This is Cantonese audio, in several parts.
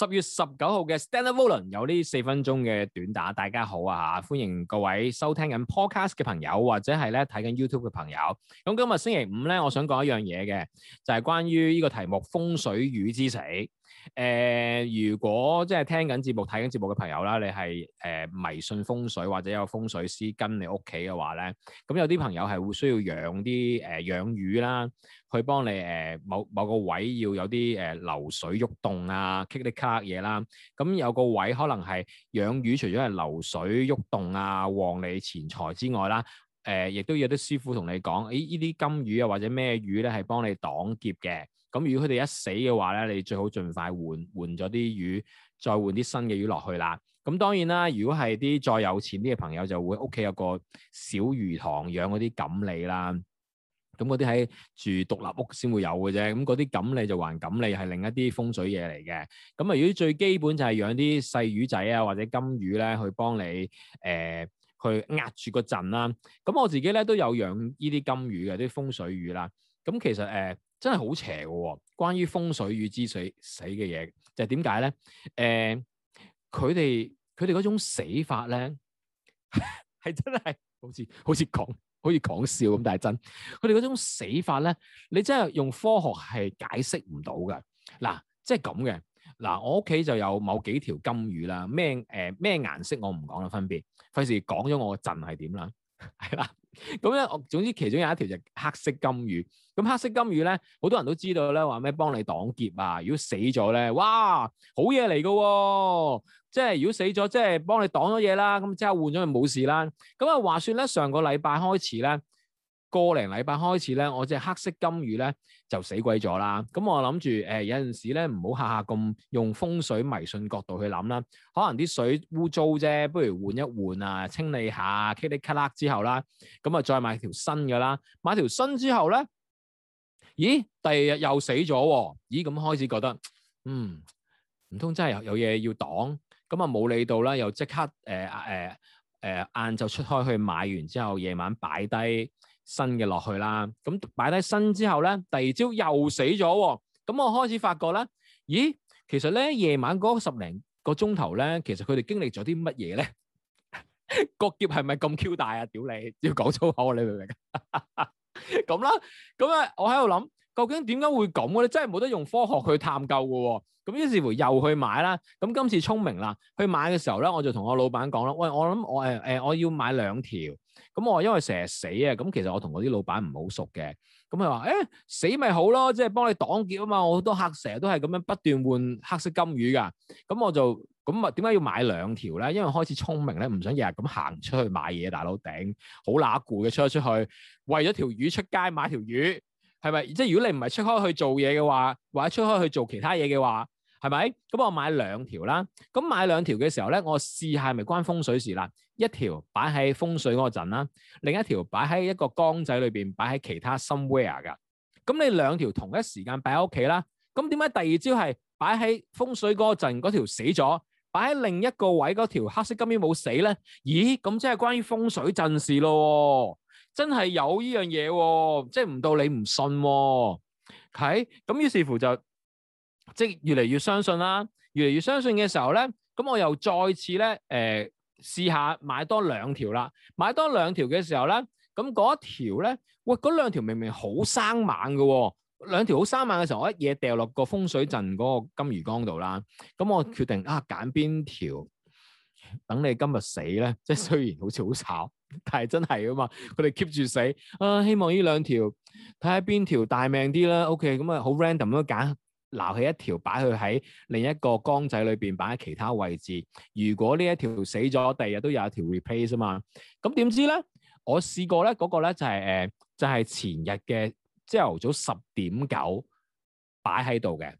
十月十九號嘅 Stand Up Volun 有呢四分鐘嘅短打，大家好啊，歡迎各位收聽緊 Podcast 嘅朋友，或者係咧睇緊 YouTube 嘅朋友。咁今日星期五咧，我想講一樣嘢嘅，就係、是、關於呢個題目風水魚之死。誒、呃，如果即係聽緊節目、睇緊節目嘅朋友啦，你係誒、呃、迷信風水或者有風水師跟你屋企嘅話咧，咁有啲朋友係會需要養啲誒養魚啦。佢幫你誒、呃、某某個位要有啲誒、呃、流水喐動，動啊，kick the car 嘢啦。咁有個位可能係養魚，除咗係流水喐動，動啊，旺你錢財之外啦。誒、呃，亦都有啲師傅同你講，誒呢啲金魚啊或者咩魚咧，係幫你擋劫嘅。咁如果佢哋一死嘅話咧，你最好盡快換換咗啲魚，再換啲新嘅魚落去啦。咁當然啦，如果係啲再有錢啲嘅朋友，就會屋企有個小魚塘養嗰啲錦鯉啦。咁嗰啲喺住獨立屋先會有嘅啫，咁嗰啲錦鯉就還錦鯉，係另一啲風水嘢嚟嘅。咁啊，如果最基本就係養啲細魚仔啊，或者金魚咧，去幫你誒、呃、去壓住個陣啦、啊。咁我自己咧都有養呢啲金魚嘅，啲風水魚啦。咁其實誒、呃、真係好邪嘅喎、哦，關於風水魚之水死嘅嘢，就點解咧？誒佢哋佢哋嗰種死法咧係 真係好似好似講。好似講笑咁，但係真，佢哋嗰種死法咧，你真係用科學係解釋唔到嘅。嗱，即係咁嘅。嗱，我屋企就有某幾條金魚啦，咩誒咩顏色我唔講啦，分別，費事講咗我個陣係點啦，係啦。咁咧，我、嗯、總之其中有一條就黑色金魚。咁黑色金魚咧，好多人都知道咧，話咩幫你擋劫啊。如果死咗咧，哇，好嘢嚟㗎喎，即係如果死咗，即係幫你擋咗嘢啦。咁即刻換咗就冇事啦。咁啊，話說咧，上個禮拜開始咧。個零禮拜開始咧，我隻黑色金魚咧就死鬼咗啦。咁、嗯、我諗住誒有陣時咧唔好下下咁用風水迷信角度去諗啦，可能啲水污糟啫，不如換一換啊，清理下 click click click 之後啦，咁、嗯、啊再買條新嘅啦，買條新，買條新之後咧，咦，第二日又死咗喎，啊，咦咁開始覺得，嗯，唔通真係有有嘢要擋，咁啊冇理到啦，又即刻誒誒誒晏晝出開去買完之後，夜晚擺低。新嘅落去啦，咁擺低新之後咧，第二朝又死咗喎、哦，咁我開始發覺咧，咦，其實咧夜晚嗰十零個鐘頭咧，其實佢哋經歷咗啲乜嘢咧？個劫係咪咁 Q 大啊？屌你，要講粗口你明唔明？咁 啦，咁啊，我喺度諗。究竟點解會咁嘅咧？你真係冇得用科學去探究嘅喎、哦。咁於是乎又去買啦。咁今次聰明啦，去買嘅時候咧，我就同我老闆講啦：喂，我諗我誒誒、呃，我要買兩條。咁我話因為成日死啊，咁其實我同嗰啲老闆唔、欸、好熟嘅。咁佢話：誒死咪好咯，即係幫你擋劫啊嘛。我好多客成日都係咁樣不斷換黑色金魚噶。咁我就咁啊，點解要買兩條咧？因為開始聰明咧，唔想日日咁行出去買嘢，大佬頂，好乸攰嘅，出咗出去為咗條魚出街買條魚。係咪？即係如果你唔係出開去做嘢嘅話，或者出開去做其他嘢嘅話，係咪？咁我買兩條啦。咁買兩條嘅時候咧，我試下係咪關風水事啦。一條擺喺風水嗰陣啦，另一條擺喺一個缸仔裏邊，擺喺其他 somewhere 噶。咁你兩條同一時間擺喺屋企啦。咁點解第二朝係擺喺風水嗰陣嗰條死咗，擺喺另一個位嗰條黑色金魚冇死咧？咦？咁即係關於風水陣事咯。真係有呢樣嘢喎，即係唔到你唔信喎、啊，係咁，於是乎就即係越嚟越相信啦、啊，越嚟越相信嘅時候咧，咁我又再次咧誒、呃、試下買多兩條啦，買多兩條嘅時候咧，咁嗰一條咧，喂，嗰兩條明明好生猛嘅喎、啊，兩條好生猛嘅時候，我一嘢掉落個風水陣嗰個金魚缸度啦，咁我決定啊揀邊條？等你今日死咧，即係雖然好似好慘，但係真係噶嘛。佢哋 keep 住死啊，希望呢兩條睇下邊條大命啲啦。OK，咁啊好 random 咁樣揀撈起一條擺去喺另一個缸仔裏邊，擺喺其他位置。如果呢一條死咗，第二日都有一條 replace 啊嘛。咁點知咧？我試過咧，嗰個咧就係誒，就係前日嘅朝頭早十點九擺喺度嘅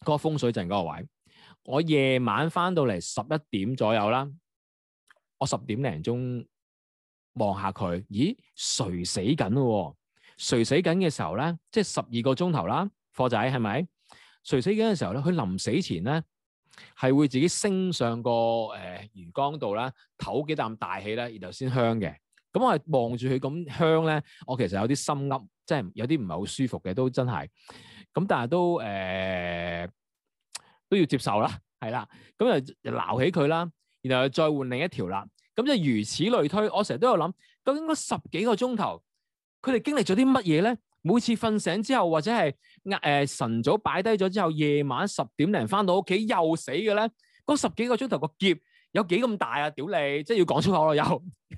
嗰個風水陣嗰個位。我夜晚翻到嚟十一點左右啦，我十點零鐘望下佢，咦，垂死緊咯？垂死緊嘅時候咧，即係十二個鐘頭啦，貨仔係咪？垂死緊嘅時候咧，佢臨死前咧係會自己升上個誒魚缸度啦，唞、呃、幾啖大氣咧，然後先香嘅。咁我係望住佢咁香咧，我其實有啲心噏，即係有啲唔係好舒服嘅，都真係。咁但係都誒。呃都要接受啦，係啦，咁又又鬧起佢啦，然後又再換另一條啦，咁就如此類推。我成日都有諗，究竟嗰十幾個鐘頭，佢哋經歷咗啲乜嘢咧？每次瞓醒之後，或者係誒晨早擺低咗之後，夜晚十點零翻到屋企又死嘅咧，嗰十幾個鐘頭個劫有幾咁大啊？屌你，即係要講出口咯又，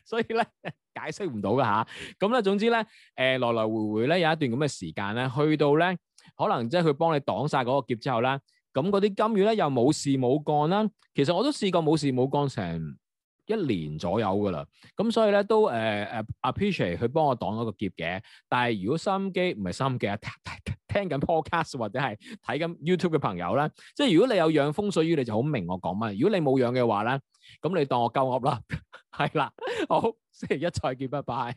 所以咧解釋唔到㗎吓。咁咧總之咧，誒來來回回咧有一段咁嘅時間咧，去到咧可能即係佢幫你擋曬嗰個劫之後咧。咁嗰啲金魚咧又冇事冇幹啦，其實我都試過冇事冇幹成一年左右噶啦，咁所以咧都誒誒 appreciate 佢幫我擋咗個劫嘅，但係如果心機唔係心機啊，聽緊 podcast 或者係睇緊 YouTube 嘅朋友咧，即係如果你有養風水魚，你就好明我講乜；如果你冇養嘅話咧，咁你當我鳩噏啦，係啦，好，星期一再見啦，拜拜。